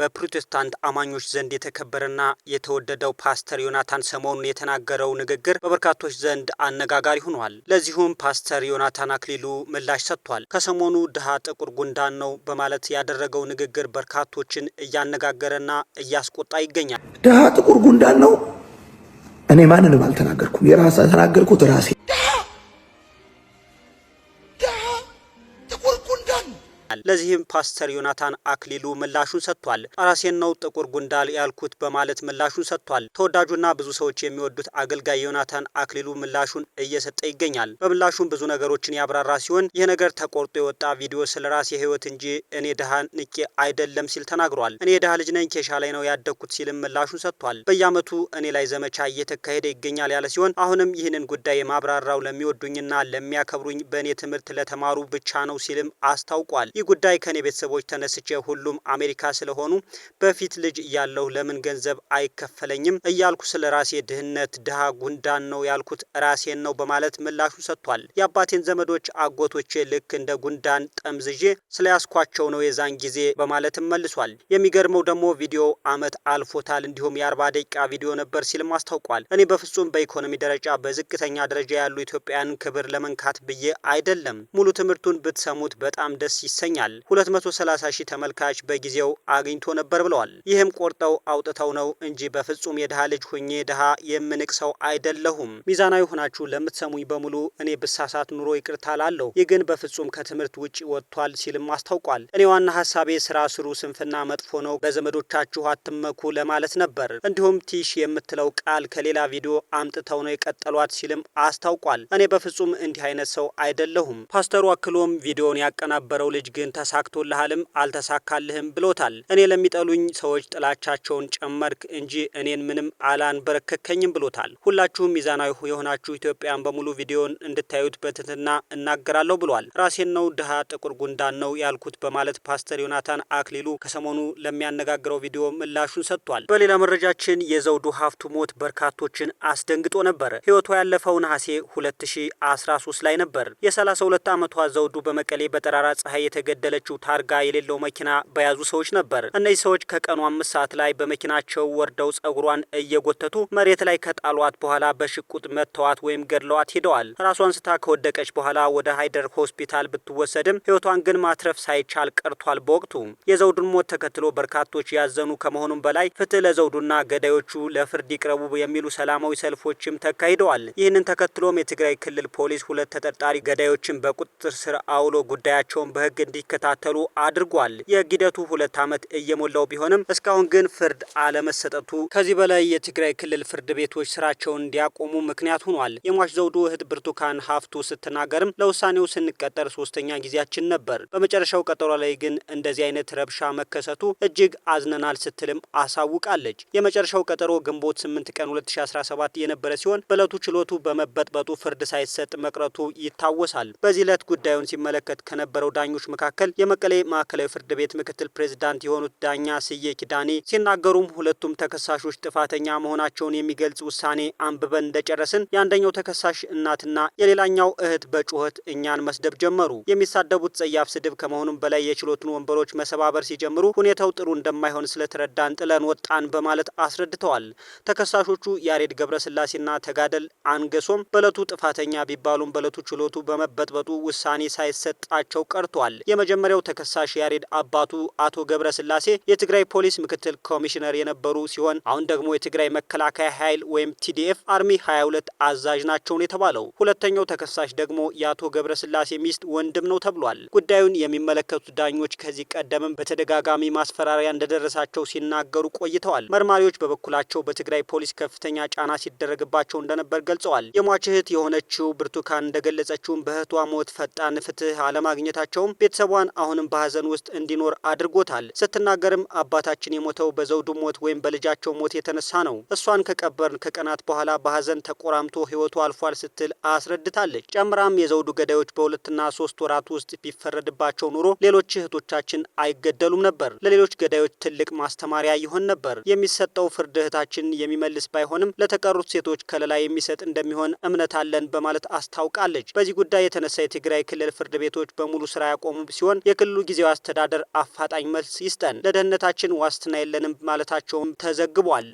በፕሮቴስታንት አማኞች ዘንድ የተከበረና የተወደደው ፓስተር ዮናታን ሰሞኑን የተናገረው ንግግር በበርካቶች ዘንድ አነጋጋሪ ሆኗል። ለዚሁም ፓስተር ዮናታን አክሊሉ ምላሽ ሰጥቷል። ከሰሞኑ ድሃ ጥቁር ጉንዳን ነው በማለት ያደረገው ንግግር በርካቶችን እያነጋገረና እያስቆጣ ይገኛል። ድሃ ጥቁር ጉንዳን ነው። እኔ ማንንም አልተናገርኩም። የራሳ ተናገርኩት ራሴ ለዚህም ፓስተር ዮናታን አክሊሉ ምላሹን ሰጥቷል። ራሴን ነው ጥቁር ጉንዳል ያልኩት በማለት ምላሹን ሰጥቷል። ተወዳጁና ብዙ ሰዎች የሚወዱት አገልጋይ ዮናታን አክሊሉ ምላሹን እየሰጠ ይገኛል። በምላሹም ብዙ ነገሮችን ያብራራ ሲሆን ይህ ነገር ተቆርጦ የወጣ ቪዲዮ ስለ ራሴ ህይወት እንጂ እኔ ድሃ ንቄ አይደለም ሲል ተናግሯል። እኔ የድሃ ልጅ ነኝ፣ ኬሻ ላይ ነው ያደግኩት ሲልም ምላሹን ሰጥቷል። በየአመቱ እኔ ላይ ዘመቻ እየተካሄደ ይገኛል ያለ ሲሆን አሁንም ይህንን ጉዳይ የማብራራው ለሚወዱኝና ለሚያከብሩኝ በእኔ ትምህርት ለተማሩ ብቻ ነው ሲልም አስታውቋል። ይህ ጉዳይ ከኔ ቤተሰቦች ተነስቼ ሁሉም አሜሪካ ስለሆኑ በፊት ልጅ እያለሁ ለምን ገንዘብ አይከፈለኝም እያልኩ ስለ ራሴ ድህነት ድሃ ጉንዳን ነው ያልኩት ራሴን ነው በማለት ምላሹ ሰጥቷል። የአባቴን ዘመዶች አጎቶቼ ልክ እንደ ጉንዳን ጠምዝዤ ስለያስኳቸው ነው የዛን ጊዜ በማለትም መልሷል። የሚገርመው ደግሞ ቪዲዮ አመት አልፎታል እንዲሁም የአርባ ደቂቃ ቪዲዮ ነበር ሲልም አስታውቋል። እኔ በፍጹም በኢኮኖሚ ደረጃ በዝቅተኛ ደረጃ ያሉ ኢትዮጵያን ክብር ለመንካት ብዬ አይደለም። ሙሉ ትምህርቱን ብትሰሙት በጣም ደስ ይሰኛል። ገልጸዋል። 230 ሺህ ተመልካች በጊዜው አግኝቶ ነበር ብለዋል። ይህም ቆርጠው አውጥተው ነው እንጂ በፍጹም የድሃ ልጅ ሁኜ ድሃ የምንቅ ሰው አይደለሁም። ሚዛናዊ ሆናችሁ ለምትሰሙኝ በሙሉ እኔ ብሳሳት ኑሮ ይቅርታ ላለሁ። ይህ ግን በፍጹም ከትምህርት ውጭ ወጥቷል ሲልም አስታውቋል። እኔ ዋና ሀሳቤ ስራ ስሩ፣ ስንፍና መጥፎ ነው፣ በዘመዶቻችሁ አትመኩ ለማለት ነበር። እንዲሁም ቲሽ የምትለው ቃል ከሌላ ቪዲዮ አምጥተው ነው የቀጠሏት ሲልም አስታውቋል። እኔ በፍጹም እንዲህ አይነት ሰው አይደለሁም። ፓስተሩ አክሎም ቪዲዮን ያቀናበረው ልጅ ግን ተሳክቶልሃልም አልተሳካልህም ብሎታል። እኔ ለሚጠሉኝ ሰዎች ጥላቻቸውን ጨመርክ እንጂ እኔን ምንም አላንበረከከኝም ብሎታል። ሁላችሁም ሚዛናዊ የሆናችሁ ኢትዮጵያን በሙሉ ቪዲዮን እንድታዩት በትህትና እናገራለሁ ብሏል። ራሴን ነው ድሃ ጥቁር ጉንዳን ነው ያልኩት በማለት ፓስተር ዮናታን አክሊሉ ከሰሞኑ ለሚያነጋግረው ቪዲዮ ምላሹን ሰጥቷል። በሌላ መረጃችን የዘውዱ ሀፍቱ ሞት በርካቶችን አስደንግጦ ነበር። ህይወቷ ያለፈው ነሐሴ 2013 ላይ ነበር። የ32 ዓመቷ ዘውዱ በመቀሌ በጠራራ ፀሐይ የተገደለ የተከለከለችው ታርጋ የሌለው መኪና በያዙ ሰዎች ነበር። እነዚህ ሰዎች ከቀኑ አምስት ሰዓት ላይ በመኪናቸው ወርደው ጸጉሯን እየጎተቱ መሬት ላይ ከጣሏት በኋላ በሽቁጥ መጥተዋት ወይም ገድለዋት ሂደዋል። ራሷን ስታ ከወደቀች በኋላ ወደ ሃይደር ሆስፒታል ብትወሰድም ሕይወቷን ግን ማትረፍ ሳይቻል ቀርቷል። በወቅቱ የዘውዱን ሞት ተከትሎ በርካቶች ያዘኑ ከመሆኑም በላይ ፍትህ ለዘውዱና ገዳዮቹ ለፍርድ ይቅረቡ የሚሉ ሰላማዊ ሰልፎችም ተካሂደዋል። ይህንን ተከትሎም የትግራይ ክልል ፖሊስ ሁለት ተጠርጣሪ ገዳዮችን በቁጥጥር ስር አውሎ ጉዳያቸውን በህግ እንዲከ እንዲከታተሉ አድርጓል። የግደቱ ሁለት ዓመት እየሞላው ቢሆንም እስካሁን ግን ፍርድ አለመሰጠቱ ከዚህ በላይ የትግራይ ክልል ፍርድ ቤቶች ስራቸውን እንዲያቆሙ ምክንያት ሆኗል። የሟች ዘውዱ እህት ብርቱካን ሀፍቱ ስትናገርም ለውሳኔው ስንቀጠር ሶስተኛ ጊዜያችን ነበር፣ በመጨረሻው ቀጠሮ ላይ ግን እንደዚህ አይነት ረብሻ መከሰቱ እጅግ አዝነናል ስትልም አሳውቃለች። የመጨረሻው ቀጠሮ ግንቦት 8 ቀን 2017 የነበረ ሲሆን በእለቱ ችሎቱ በመበጥበጡ ፍርድ ሳይሰጥ መቅረቱ ይታወሳል። በዚህ ዕለት ጉዳዩን ሲመለከት ከነበረው ዳኞች መካከል መካከል የመቀሌ ማዕከላዊ ፍርድ ቤት ምክትል ፕሬዝዳንት የሆኑት ዳኛ ስዬ ኪዳኔ ሲናገሩም ሁለቱም ተከሳሾች ጥፋተኛ መሆናቸውን የሚገልጽ ውሳኔ አንብበን እንደጨረስን የአንደኛው ተከሳሽ እናትና የሌላኛው እህት በጩኸት እኛን መስደብ ጀመሩ። የሚሳደቡት ጸያፍ ስድብ ከመሆኑም በላይ የችሎቱን ወንበሮች መሰባበር ሲጀምሩ ሁኔታው ጥሩ እንደማይሆን ስለተረዳን ጥለን ወጣን በማለት አስረድተዋል። ተከሳሾቹ ያሬድ ገብረስላሴና ተጋደል አንገሶም በእለቱ ጥፋተኛ ቢባሉም በለቱ ችሎቱ በመበጥበጡ ውሳኔ ሳይሰጣቸው ቀርቷል። የመጀመሪያው ተከሳሽ ያሬድ አባቱ አቶ ገብረ ስላሴ የትግራይ ፖሊስ ምክትል ኮሚሽነር የነበሩ ሲሆን አሁን ደግሞ የትግራይ መከላከያ ኃይል ወይም ቲዲኤፍ አርሚ 22 አዛዥ ናቸውን የተባለው። ሁለተኛው ተከሳሽ ደግሞ የአቶ ገብረ ስላሴ ሚስት ወንድም ነው ተብሏል። ጉዳዩን የሚመለከቱ ዳኞች ከዚህ ቀደምም በተደጋጋሚ ማስፈራሪያ እንደደረሳቸው ሲናገሩ ቆይተዋል። መርማሪዎች በበኩላቸው በትግራይ ፖሊስ ከፍተኛ ጫና ሲደረግባቸው እንደነበር ገልጸዋል። የሟች እህት የሆነችው ብርቱካን እንደገለጸችውም በእህቷ ሞት ፈጣን ፍትህ አለማግኘታቸውም ቤተሰቧ እንኳን አሁንም በሀዘን ውስጥ እንዲኖር አድርጎታል። ስትናገርም አባታችን የሞተው በዘውዱ ሞት ወይም በልጃቸው ሞት የተነሳ ነው። እሷን ከቀበርን ከቀናት በኋላ በሀዘን ተቆራምቶ ህይወቱ አልፏል ስትል አስረድታለች። ጨምራም የዘውዱ ገዳዮች በሁለትና ሶስት ወራት ውስጥ ቢፈረድባቸው ኑሮ ሌሎች እህቶቻችን አይገደሉም ነበር። ለሌሎች ገዳዮች ትልቅ ማስተማሪያ ይሆን ነበር። የሚሰጠው ፍርድ እህታችን የሚመልስ ባይሆንም ለተቀሩት ሴቶች ከለላ የሚሰጥ እንደሚሆን እምነት አለን በማለት አስታውቃለች። በዚህ ጉዳይ የተነሳ የትግራይ ክልል ፍርድ ቤቶች በሙሉ ስራ ያቆሙ ሲሆን ሲሆን የክልሉ ጊዜያዊ አስተዳደር አፋጣኝ መልስ ይስጠን፣ ለደህንነታችን ዋስትና የለንም ማለታቸውም ተዘግቧል።